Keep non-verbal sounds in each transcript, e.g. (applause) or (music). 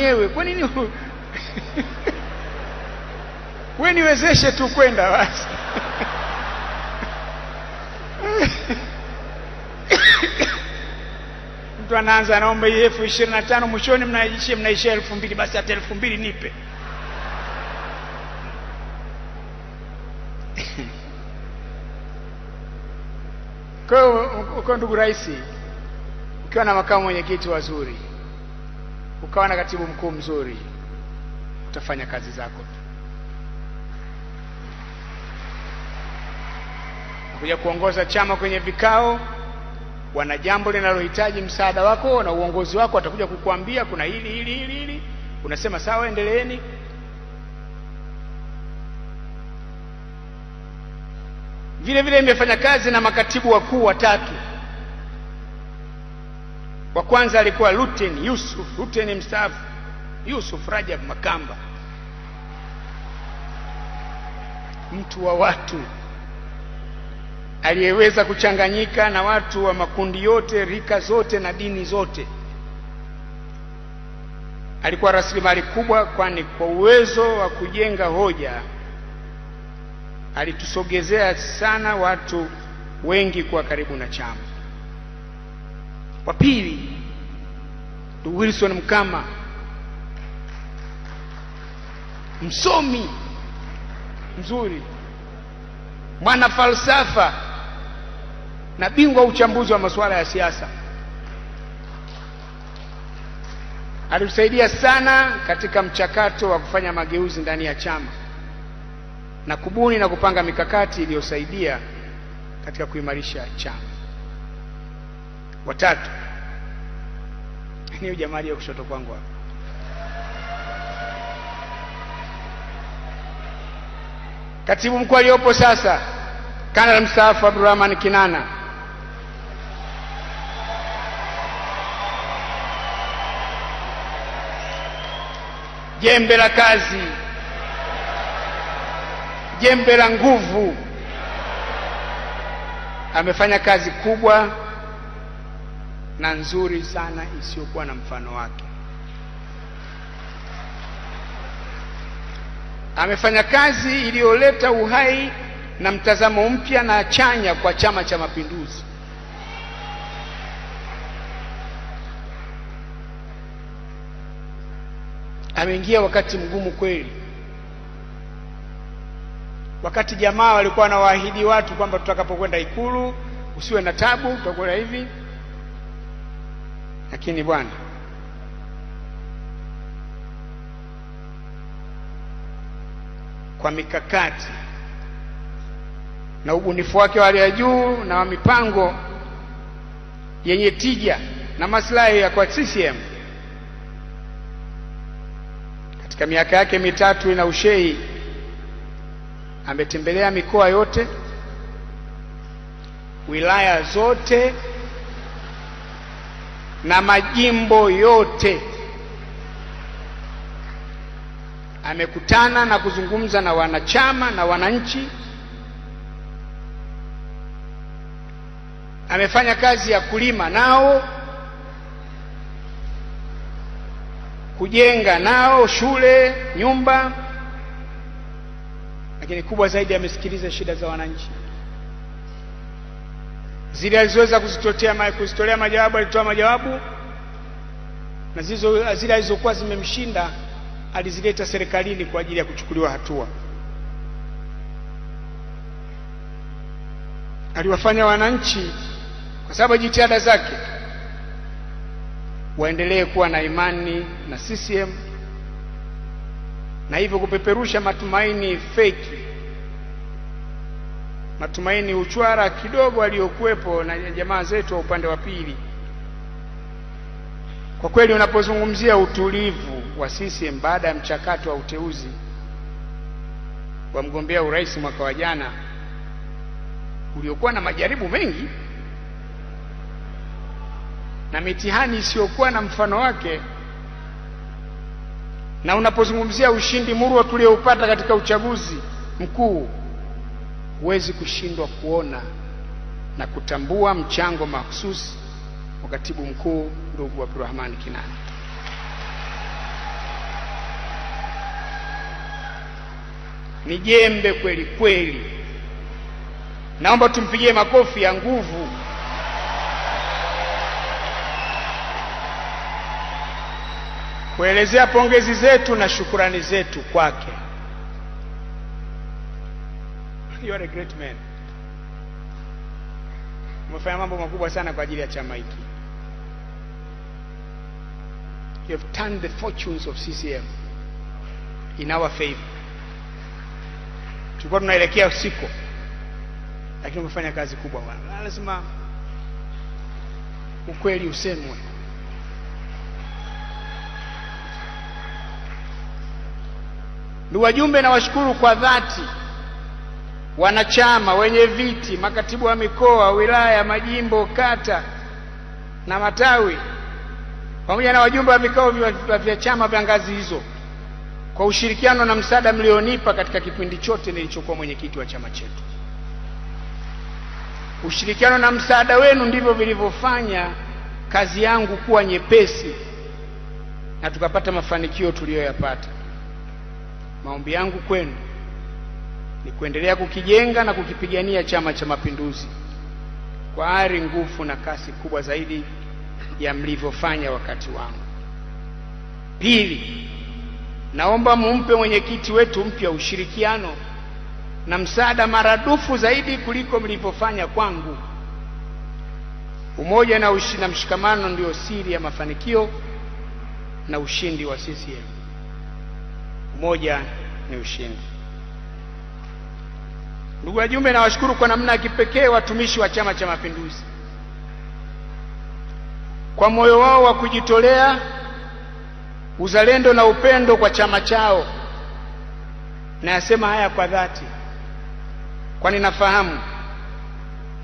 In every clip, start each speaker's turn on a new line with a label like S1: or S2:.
S1: mwenyewe. Kwa nini (laughs) wewe niwezeshe tu kwenda basi. (coughs) Mtu anaanza anaomba hii elfu ishirini na tano mwishoni mnaishia mnaishia elfu mbili basi hata elfu mbili nipe. (coughs) Kwa hiyo uko ndugu rais, ukiwa na makamu mwenyekiti wazuri ukawa na katibu mkuu mzuri, utafanya kazi zako tu. Kuja kuongoza chama kwenye vikao, wana jambo linalohitaji msaada wako na uongozi wako, watakuja kukuambia kuna hili hili hili hili, unasema sawa, endeleeni. Vile vile imefanya kazi na makatibu wakuu watatu wa kwanza alikuwa Luten Yusuf, Luten mstaafu Yusuf Rajab Makamba, mtu wa watu aliyeweza kuchanganyika na watu wa makundi yote, rika zote na dini zote. Alikuwa rasilimali kubwa, kwani kwa uwezo wa kujenga hoja alitusogezea sana watu wengi kuwa karibu na chama wa pili ndugu Wilson Mkama, msomi mzuri, mwana falsafa na bingwa uchambuzi wa masuala ya siasa. Alitusaidia sana katika mchakato wa kufanya mageuzi ndani ya chama na kubuni na kupanga mikakati iliyosaidia katika kuimarisha chama watatu ni huyu jamaa kushoto kwangu hapa katibu mkuu aliyopo sasa kanali mstaafu abdurahman Kinana jembe la kazi, jembe la nguvu. Amefanya kazi kubwa na nzuri sana isiyokuwa na mfano wake. Amefanya kazi iliyoleta uhai na mtazamo mpya na chanya kwa Chama cha Mapinduzi. Ameingia wakati mgumu kweli, wakati jamaa walikuwa wanawaahidi watu kwamba tutakapokwenda Ikulu usiwe na tabu, tutakwenda hivi lakini bwana kwa mikakati na ubunifu wake wa hali ya juu na wa mipango yenye tija na maslahi ya kwa CCM katika miaka yake mitatu ina ushehi ametembelea mikoa yote wilaya zote na majimbo yote. Amekutana na kuzungumza na wanachama na wananchi. Amefanya kazi ya kulima nao, kujenga nao shule, nyumba, lakini kubwa zaidi amesikiliza shida za wananchi zile alizoweza kuzitolea majawabu alitoa majawabu, na zile alizokuwa zimemshinda alizileta serikalini kwa ajili ya kuchukuliwa hatua. Aliwafanya wananchi, kwa sababu ya jitihada zake, waendelee kuwa na imani na CCM na hivyo kupeperusha matumaini feki matumaini uchwara kidogo aliyokuwepo na jamaa zetu wa upande wa pili. Kwa kweli, unapozungumzia utulivu wa CCM baada ya mchakato wa uteuzi wa mgombea urais mwaka wa jana uliokuwa na majaribu mengi na mitihani isiyokuwa na mfano wake, na unapozungumzia ushindi murwa tulioupata katika uchaguzi mkuu huwezi kushindwa kuona na kutambua mchango mahususi wa katibu mkuu ndugu Abdulrahman Kinana. Ni jembe kweli kweli. Naomba tumpigie makofi ya nguvu. Kuelezea pongezi zetu na shukurani zetu kwake you are a great man. Umefanya mambo makubwa sana kwa ajili ya chama hiki. You have turned the fortunes of CCM in our favor. Tulikuwa tunaelekea usiko, lakini umefanya kazi kubwa bwana. Lazima ukweli usemwe. Ndugu wajumbe, nawashukuru kwa dhati wanachama, wenye viti, makatibu wa mikoa, wilaya, majimbo, kata na matawi pamoja na wajumbe wa vikao vya chama vya ngazi hizo kwa ushirikiano na msaada mlionipa katika kipindi chote nilichokuwa mwenyekiti wa chama chetu. Ushirikiano na msaada wenu ndivyo vilivyofanya kazi yangu kuwa nyepesi na tukapata mafanikio tuliyoyapata. Maombi yangu kwenu ni kuendelea kukijenga na kukipigania Chama cha Mapinduzi kwa ari, nguvu na kasi kubwa zaidi ya mlivyofanya wakati wangu. Pili, naomba mumpe mwenyekiti wetu mpya ushirikiano na msaada maradufu zaidi kuliko mlivyofanya kwangu. Umoja na ushi na mshikamano ndio siri ya mafanikio na ushindi wa CCM. Umoja ni ushindi. Ndugu wajumbe, nawashukuru kwa namna ya kipekee watumishi wa Chama cha Mapinduzi kwa moyo wao wa kujitolea, uzalendo na upendo kwa chama chao. Nayasema haya kwa dhati, kwani nafahamu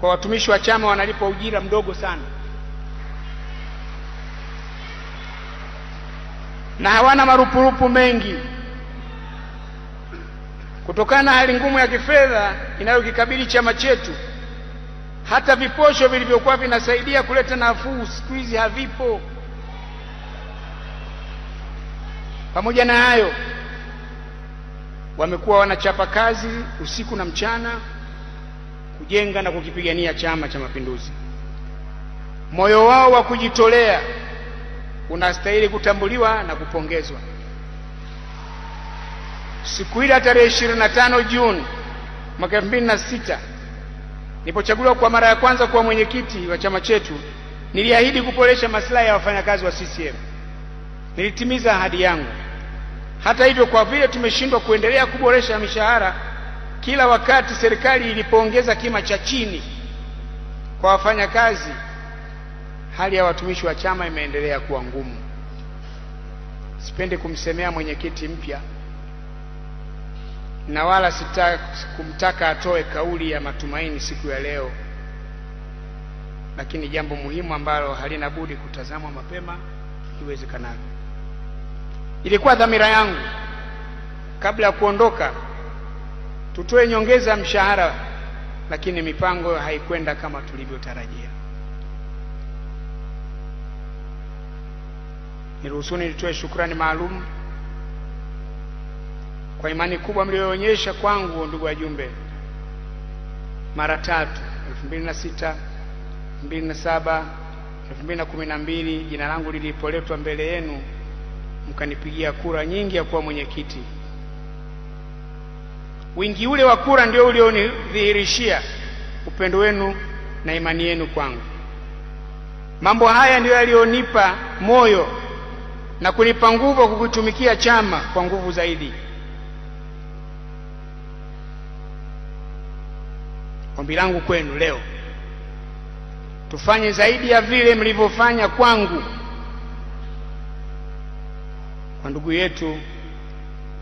S1: kwa watumishi wa chama wanalipwa ujira mdogo sana na hawana marupurupu mengi. Kutokana na hali ngumu ya kifedha inayokikabili chama chetu, hata viposho vilivyokuwa vinasaidia kuleta nafuu siku hizi havipo. Pamoja na hayo, wamekuwa wanachapa kazi usiku na mchana kujenga na kukipigania Chama cha Mapinduzi. Moyo wao wa kujitolea unastahili kutambuliwa na kupongezwa siku ile tarehe 25 Juni mwaka sita nilipochaguliwa kwa mara ya kwanza kuwa mwenyekiti wa chama chetu, niliahidi kuboresha maslahi ya wafanyakazi wa CCM. Nilitimiza ahadi yangu. Hata hivyo, kwa vile tumeshindwa kuendelea kuboresha mishahara kila wakati serikali ilipoongeza kima cha chini kwa wafanyakazi, hali ya watumishi wa chama imeendelea kuwa ngumu. Sipendi kumsemea mwenyekiti mpya na wala sitaki kumtaka atoe kauli ya matumaini siku ya leo, lakini jambo muhimu ambalo halina budi kutazamwa mapema iwezekanavyo. Ilikuwa dhamira yangu kabla ya kuondoka tutoe nyongeza ya mshahara, lakini mipango haikwenda kama tulivyotarajia. Niruhusuni nitoe shukrani maalum kwa imani kubwa mliyoonyesha kwangu, ndugu wajumbe, mara tatu 2006, 2007, 2012 jina langu lilipoletwa mbele yenu mkanipigia kura nyingi ya kuwa mwenyekiti. Wingi ule wa kura ndio ulionidhihirishia upendo wenu na imani yenu kwangu. Mambo haya ndio yaliyonipa moyo na kunipa nguvu kukutumikia chama kwa nguvu zaidi. Ombi langu kwenu leo, tufanye zaidi ya vile mlivyofanya kwangu, kwa ndugu yetu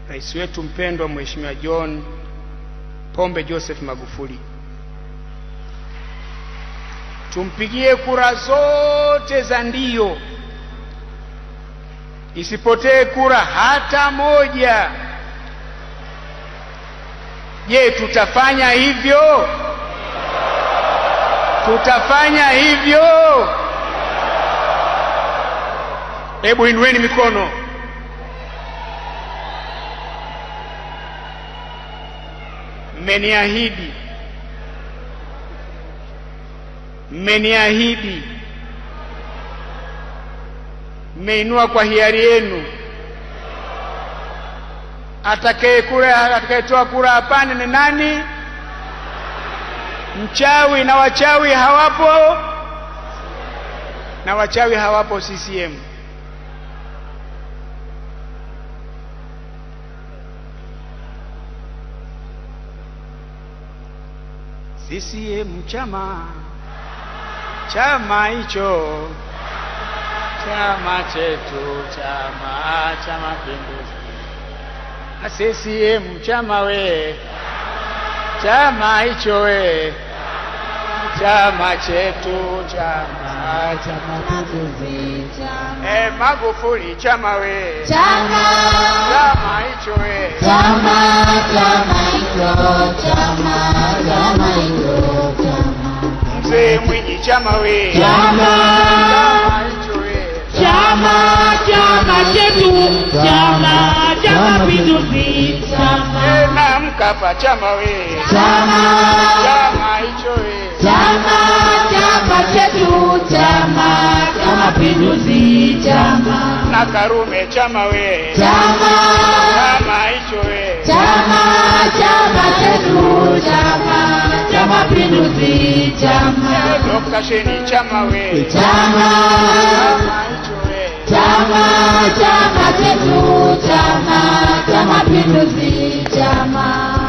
S1: rais wetu mpendwa Mheshimiwa John Pombe Joseph Magufuli. Tumpigie kura zote za ndio, isipotee kura hata moja. Je, tutafanya hivyo? Tutafanya hivyo. Hebu inueni mikono. Mmeniahidi, mmeniahidi, mmeinua kwa hiari yenu. Atakayetoa kura hapana ni nani? mchawi na wachawi hawapo, na wachawi hawapo CCM.
S2: CCM chama chama hicho chama chetu chama cha mapinduzi na CCM chama we chama hicho we chama chetu chama chama mapinduzi eh Magufuli chama we chama chama hicho we
S3: chama chama hicho chama chama hicho
S2: mzee Mwinyi chama we
S3: chama chama hicho chama chetu chama chama mapinduzi
S2: Chakapa chama we chama chama hicho we
S3: chama chama chetu chama cha mapinduzi
S2: chama na Karume chama we chama chama hicho we
S3: chama chama chetu chama cha mapinduzi
S2: chama Dr. Sheni chama we
S3: chama chama hicho Chama, Chama Chetu, Chama cha Mapinduzi, Chama.